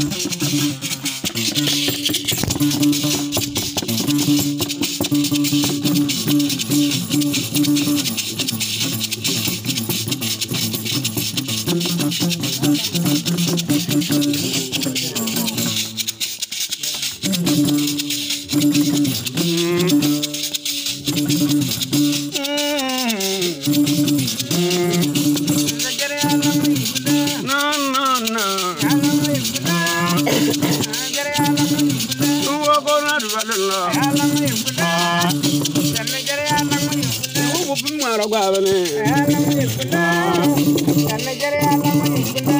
Música I'm I'm I'm I'm I'm I'm balula wubu ŋmaara gbaaba ni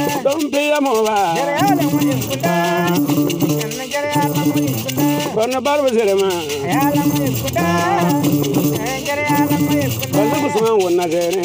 gbampiya mɔba kɔnɔ baribu zere ma balibu suma wunna zere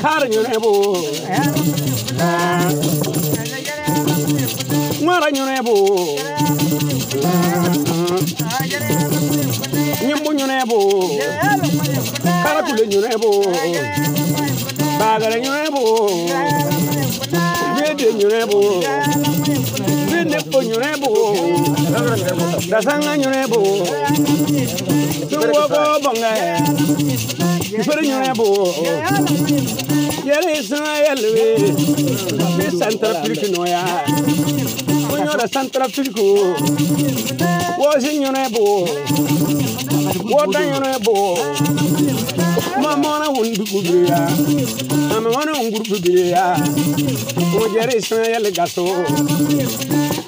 Carño nebo, maraño nebo, nyambuño nebo, caraculeño nebo, bagareño nebo, yedeño nebo, nepoño nebo, dasangaño nebo, tuwo bonga. Jori nyoya bo. Yere zan elwe. Bi Central of the Onyora Central Africa. Wosi nyoya bo. Wota nyoya bo. Mamona wundu kubiya. Amamona unguru kubiya. Ojere Israel gaso.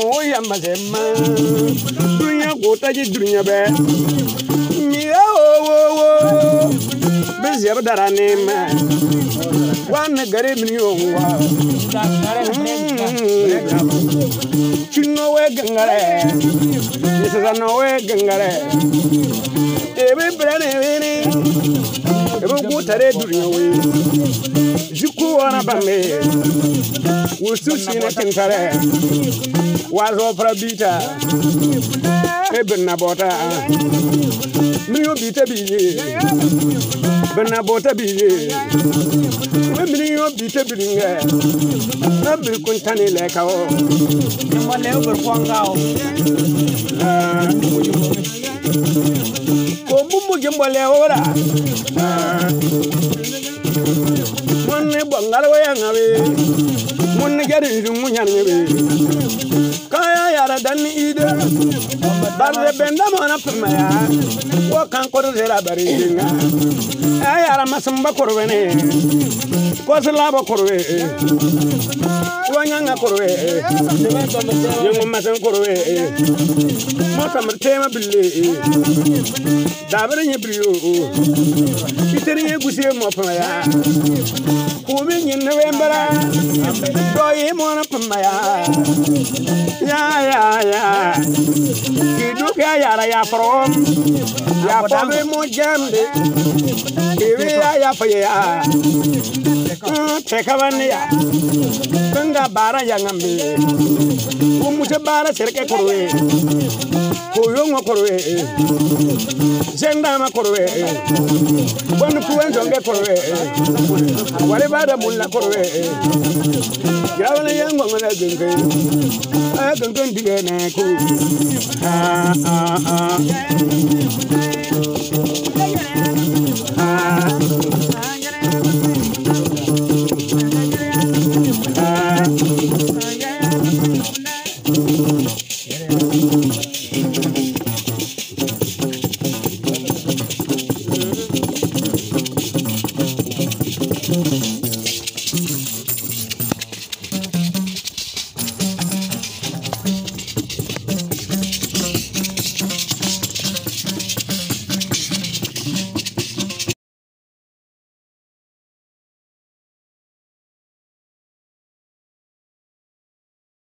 oya mazema dunya gota ji dunya be miya o o o bezia badara ne ma wan gare mini o wa hmm. chino we gangare yesa no we gangare ebe brane ni ebugutare duriyowe jikuwana bame wusu shine kinkare wazo prabita ebinna bota miriyo bita biye binna bota biye we miriyo bita biringa na birkuntani lekawo nyamalewo birkwangao ah, jimbole ora munni bongal waya ngabe munni gari kaya yara dan ide barre benda mona pmaya wo kan ko de bari dinga ayara masamba korwene kosilabo korwe eh, eh. wanyanga korwe eh, yengo masan korwe mosamr tema bille dabere nye briyo oh, oh. itere nye gusie mopama ya kube nyinne wembara doye mona pama ya ya ya ya kiduke ya yara ya pro ya pobre mo jambe Iwe ya ya pa ya tekabaniya tunga bara yangambe umuse bara serke korwe kuyongwa korwe zendama korwe bonu kuwenzonge korwe wale bada mulla korwe yawale yangwa ngana genge agenge ndigene ku ah ah ah ah